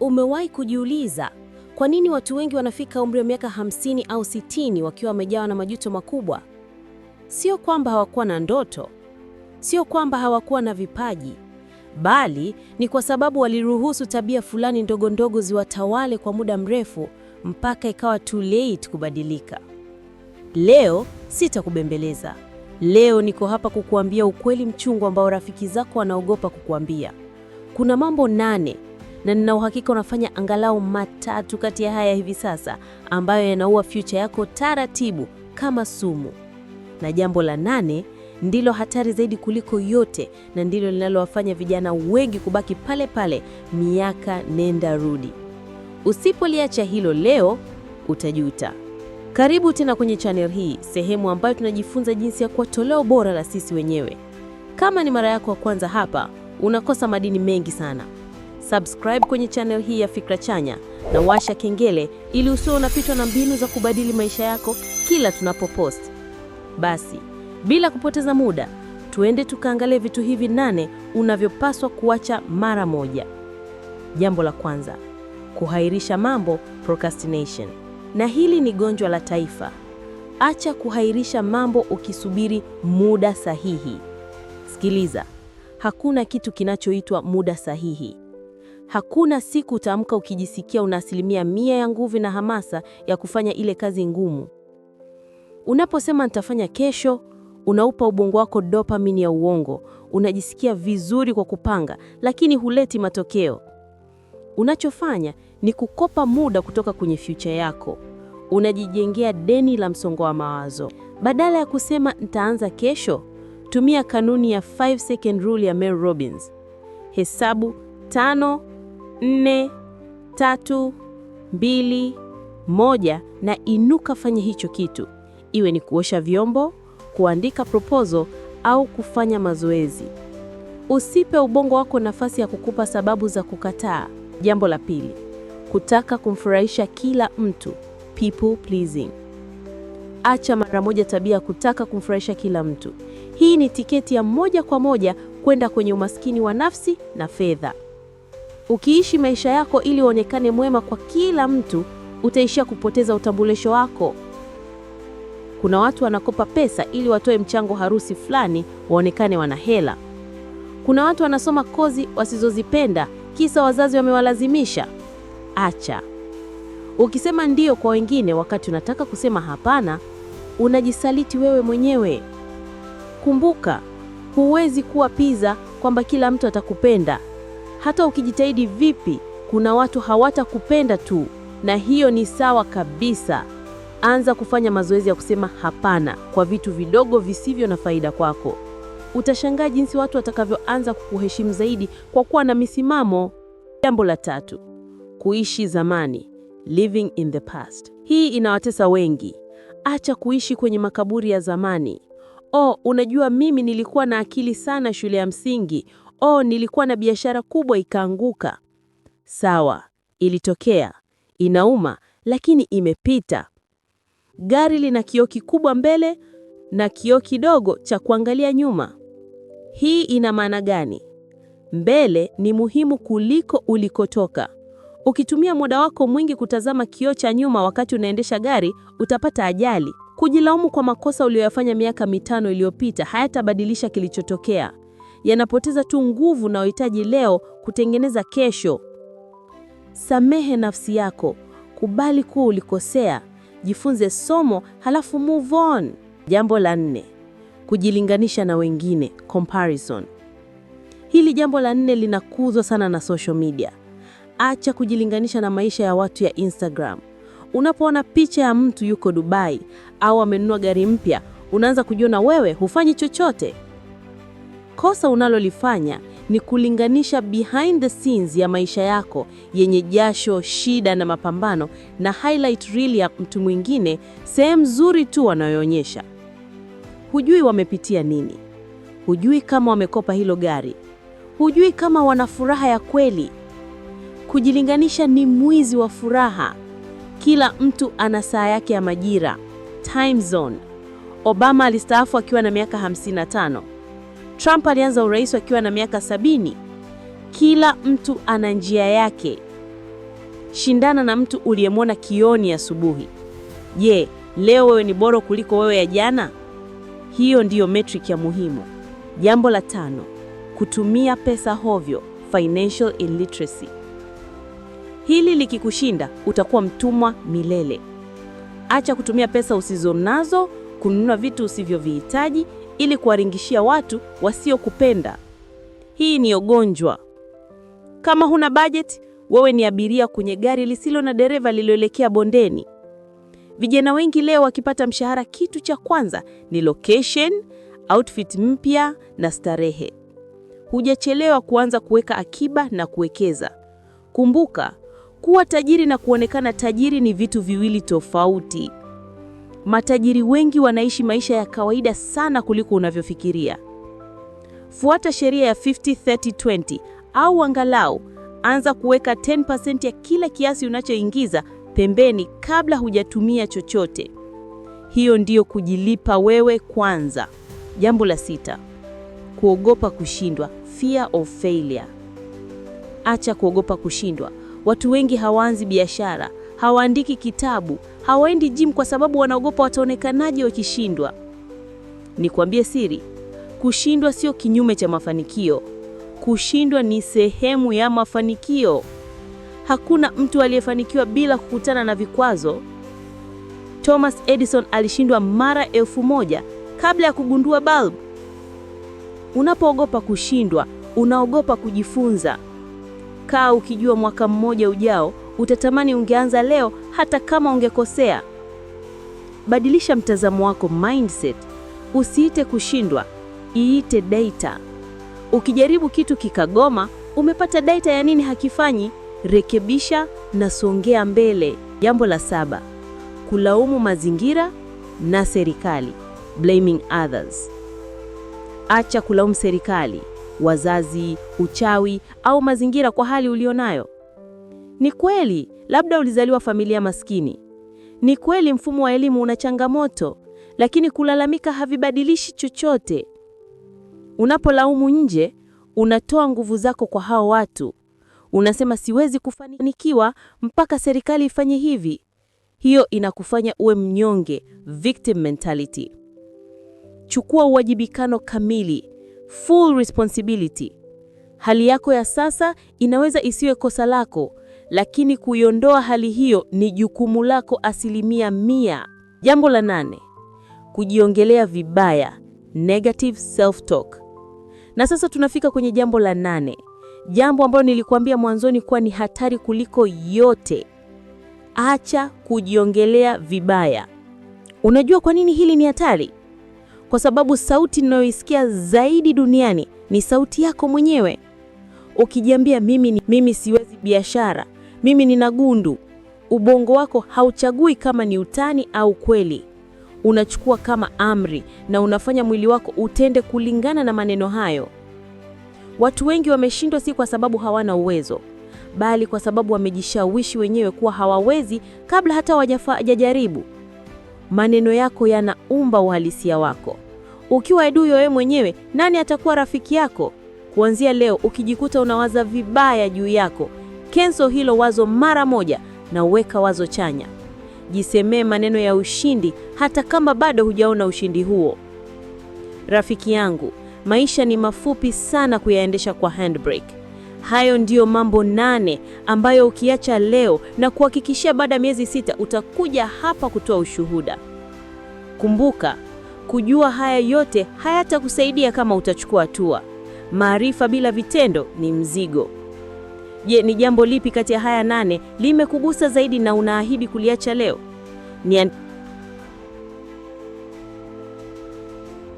Umewahi kujiuliza kwa nini watu wengi wanafika umri wa miaka 50 au 60 wakiwa wamejawa na majuto makubwa? Sio kwamba hawakuwa na ndoto, sio kwamba hawakuwa na vipaji, bali ni kwa sababu waliruhusu tabia fulani ndogo ndogo ziwatawale kwa muda mrefu mpaka ikawa too late kubadilika. Leo sitakubembeleza. Leo niko hapa kukuambia ukweli mchungu ambao rafiki zako wanaogopa kukuambia. Kuna mambo nane na nina uhakika unafanya angalau matatu kati ya haya hivi sasa, ambayo yanaua future yako taratibu kama sumu. Na jambo la nane ndilo hatari zaidi kuliko yote, na ndilo linalowafanya vijana wengi kubaki pale pale miaka nenda rudi. Usipoliacha hilo leo, utajuta. Karibu tena kwenye channel hii, sehemu ambayo tunajifunza jinsi ya kuwa toleo bora la sisi wenyewe. Kama ni mara yako ya kwanza hapa, unakosa madini mengi sana subscribe kwenye channel hii ya Fikra Chanya na washa kengele ili usio unapitwa na mbinu za kubadili maisha yako kila tunapopost. Basi bila kupoteza muda, tuende tukaangalie vitu hivi nane unavyopaswa kuacha mara moja. Jambo la kwanza, kuhairisha mambo, procrastination. Na hili ni gonjwa la taifa. Acha kuhairisha mambo ukisubiri muda sahihi. Sikiliza, hakuna kitu kinachoitwa muda sahihi. Hakuna siku utaamka ukijisikia una asilimia mia ya nguvu na hamasa ya kufanya ile kazi ngumu. Unaposema nitafanya kesho, unaupa ubongo wako dopamine ya uongo. Unajisikia vizuri kwa kupanga, lakini huleti matokeo. Unachofanya ni kukopa muda kutoka kwenye future yako. Unajijengea deni la msongo wa mawazo. Badala ya kusema nitaanza kesho, tumia kanuni ya 5 second rule ya Mel Robbins. Hesabu tano nne, tatu, mbili, moja na inuka, fanya hicho kitu, iwe ni kuosha vyombo, kuandika proposal au kufanya mazoezi. Usipe ubongo wako nafasi ya kukupa sababu za kukataa. Jambo la pili, kutaka kumfurahisha kila mtu, people pleasing. Acha mara moja tabia ya kutaka kumfurahisha kila mtu. Hii ni tiketi ya moja kwa moja kwenda kwenye umaskini wa nafsi na fedha. Ukiishi maisha yako ili uonekane mwema kwa kila mtu, utaishia kupoteza utambulisho wako. Kuna watu wanakopa pesa ili watoe mchango harusi fulani, waonekane wana hela. Kuna watu wanasoma kozi wasizozipenda, kisa wazazi wamewalazimisha. Acha. Ukisema ndiyo kwa wengine wakati unataka kusema hapana, unajisaliti wewe mwenyewe. Kumbuka, huwezi kuwa pizza kwamba kila mtu atakupenda. Hata ukijitahidi vipi, kuna watu hawatakupenda tu, na hiyo ni sawa kabisa. Anza kufanya mazoezi ya kusema hapana kwa vitu vidogo visivyo na faida kwako. Utashangaa jinsi watu watakavyoanza kukuheshimu zaidi kwa kuwa na misimamo. Jambo la tatu, kuishi zamani, living in the past. Hii inawatesa wengi. Acha kuishi kwenye makaburi ya zamani. Oh, unajua mimi nilikuwa na akili sana shule ya msingi oh, nilikuwa na biashara kubwa ikaanguka. Sawa, ilitokea, inauma, lakini imepita. Gari lina kioo kikubwa mbele na kioo kidogo cha kuangalia nyuma. Hii ina maana gani? Mbele ni muhimu kuliko ulikotoka. Ukitumia muda wako mwingi kutazama kioo cha nyuma wakati unaendesha gari, utapata ajali. Kujilaumu kwa makosa uliyoyafanya miaka mitano iliyopita hayatabadilisha kilichotokea yanapoteza tu nguvu na uhitaji leo kutengeneza kesho. Samehe nafsi yako, kubali kuwa ulikosea, jifunze somo halafu move on. Jambo la nne, kujilinganisha na wengine, comparison. Hili jambo la nne linakuzwa sana na social media. Acha kujilinganisha na maisha ya watu ya Instagram. Unapoona picha ya mtu yuko Dubai au amenunua gari mpya, unaanza kujiona wewe hufanyi chochote. Kosa unalolifanya ni kulinganisha behind the scenes ya maisha yako yenye jasho, shida na mapambano na highlight reel ya mtu mwingine, sehemu nzuri tu wanayoonyesha. Hujui wamepitia nini, hujui kama wamekopa hilo gari, hujui kama wana furaha ya kweli. Kujilinganisha ni mwizi wa furaha. Kila mtu ana saa yake ya majira, time zone. Obama alistaafu akiwa na miaka 55. Trump alianza urais akiwa na miaka sabini. Kila mtu ana njia yake. Shindana na mtu uliyemwona kioni asubuhi. Je, leo wewe ni bora kuliko wewe ya jana? Hiyo ndiyo metric ya muhimu. Jambo la tano, kutumia pesa hovyo, financial illiteracy. Hili likikushinda utakuwa mtumwa milele. Acha kutumia pesa usizonazo kununua vitu usivyovihitaji ili kuwaringishia watu wasiokupenda. Hii ni ugonjwa. Kama huna bajeti, wewe ni abiria kwenye gari lisilo na dereva lililoelekea bondeni. Vijana wengi leo wakipata mshahara, kitu cha kwanza ni location, outfit mpya na starehe. Hujachelewa kuanza kuweka akiba na kuwekeza. Kumbuka, kuwa tajiri na kuonekana tajiri ni vitu viwili tofauti matajiri wengi wanaishi maisha ya kawaida sana kuliko unavyofikiria. Fuata sheria ya 50-30-20 au angalau anza kuweka 10% ya kila kiasi unachoingiza pembeni kabla hujatumia chochote. Hiyo ndiyo kujilipa wewe kwanza. Jambo la sita, kuogopa kushindwa, fear of failure. Acha kuogopa kushindwa. Watu wengi hawaanzi biashara, hawaandiki kitabu, hawaendi gym kwa sababu wanaogopa wataonekanaje wakishindwa. Nikwambie siri, kushindwa sio kinyume cha mafanikio. Kushindwa ni sehemu ya mafanikio. Hakuna mtu aliyefanikiwa bila kukutana na vikwazo. Thomas Edison alishindwa mara elfu moja kabla ya kugundua bulb. Unapoogopa kushindwa, unaogopa kujifunza. Kaa ukijua mwaka mmoja ujao utatamani ungeanza leo hata kama ungekosea. Badilisha mtazamo wako, mindset. Usiite kushindwa, iite data. Ukijaribu kitu kikagoma, umepata data ya nini hakifanyi. Rekebisha na songea mbele. Jambo la saba, kulaumu mazingira na serikali, blaming others. Acha kulaumu serikali, wazazi, uchawi au mazingira kwa hali ulionayo. Ni kweli, labda ulizaliwa familia maskini. Ni kweli mfumo wa elimu una changamoto, lakini kulalamika havibadilishi chochote. Unapolaumu nje, unatoa nguvu zako kwa hao watu. Unasema siwezi kufanikiwa mpaka serikali ifanye hivi. Hiyo inakufanya uwe mnyonge, victim mentality. Chukua uwajibikano kamili, full responsibility. Hali yako ya sasa inaweza isiwe kosa lako, lakini kuiondoa hali hiyo ni jukumu lako asilimia mia. Jambo la nane, kujiongelea vibaya, negative self talk. Na sasa tunafika kwenye jambo la nane, jambo ambalo nilikuambia mwanzoni kuwa ni hatari kuliko yote. Acha kujiongelea vibaya. Unajua kwa nini hili ni hatari? Kwa sababu sauti ninayoisikia zaidi duniani ni sauti yako mwenyewe. Ukijiambia mimi, mimi siwezi biashara mimi nina gundu. Ubongo wako hauchagui kama ni utani au kweli, unachukua kama amri na unafanya mwili wako utende kulingana na maneno hayo. Watu wengi wameshindwa si kwa sababu hawana uwezo, bali kwa sababu wamejishawishi wenyewe kuwa hawawezi kabla hata hawajajaribu. Maneno yako yanaumba uhalisia wako. Ukiwa adui wewe mwenyewe, nani atakuwa rafiki yako? Kuanzia leo, ukijikuta unawaza vibaya juu yako Kenso hilo wazo mara moja na uweka wazo chanya. Jisemee maneno ya ushindi hata kama bado hujaona ushindi huo. Rafiki yangu, maisha ni mafupi sana kuyaendesha kwa handbrake. Hayo ndiyo mambo nane ambayo ukiacha leo na kuhakikishia, baada ya miezi sita utakuja hapa kutoa ushuhuda. Kumbuka, kujua haya yote hayatakusaidia kama utachukua hatua. Maarifa bila vitendo ni mzigo. Je, ni jambo lipi kati ya haya nane limekugusa zaidi na unaahidi kuliacha leo? Nian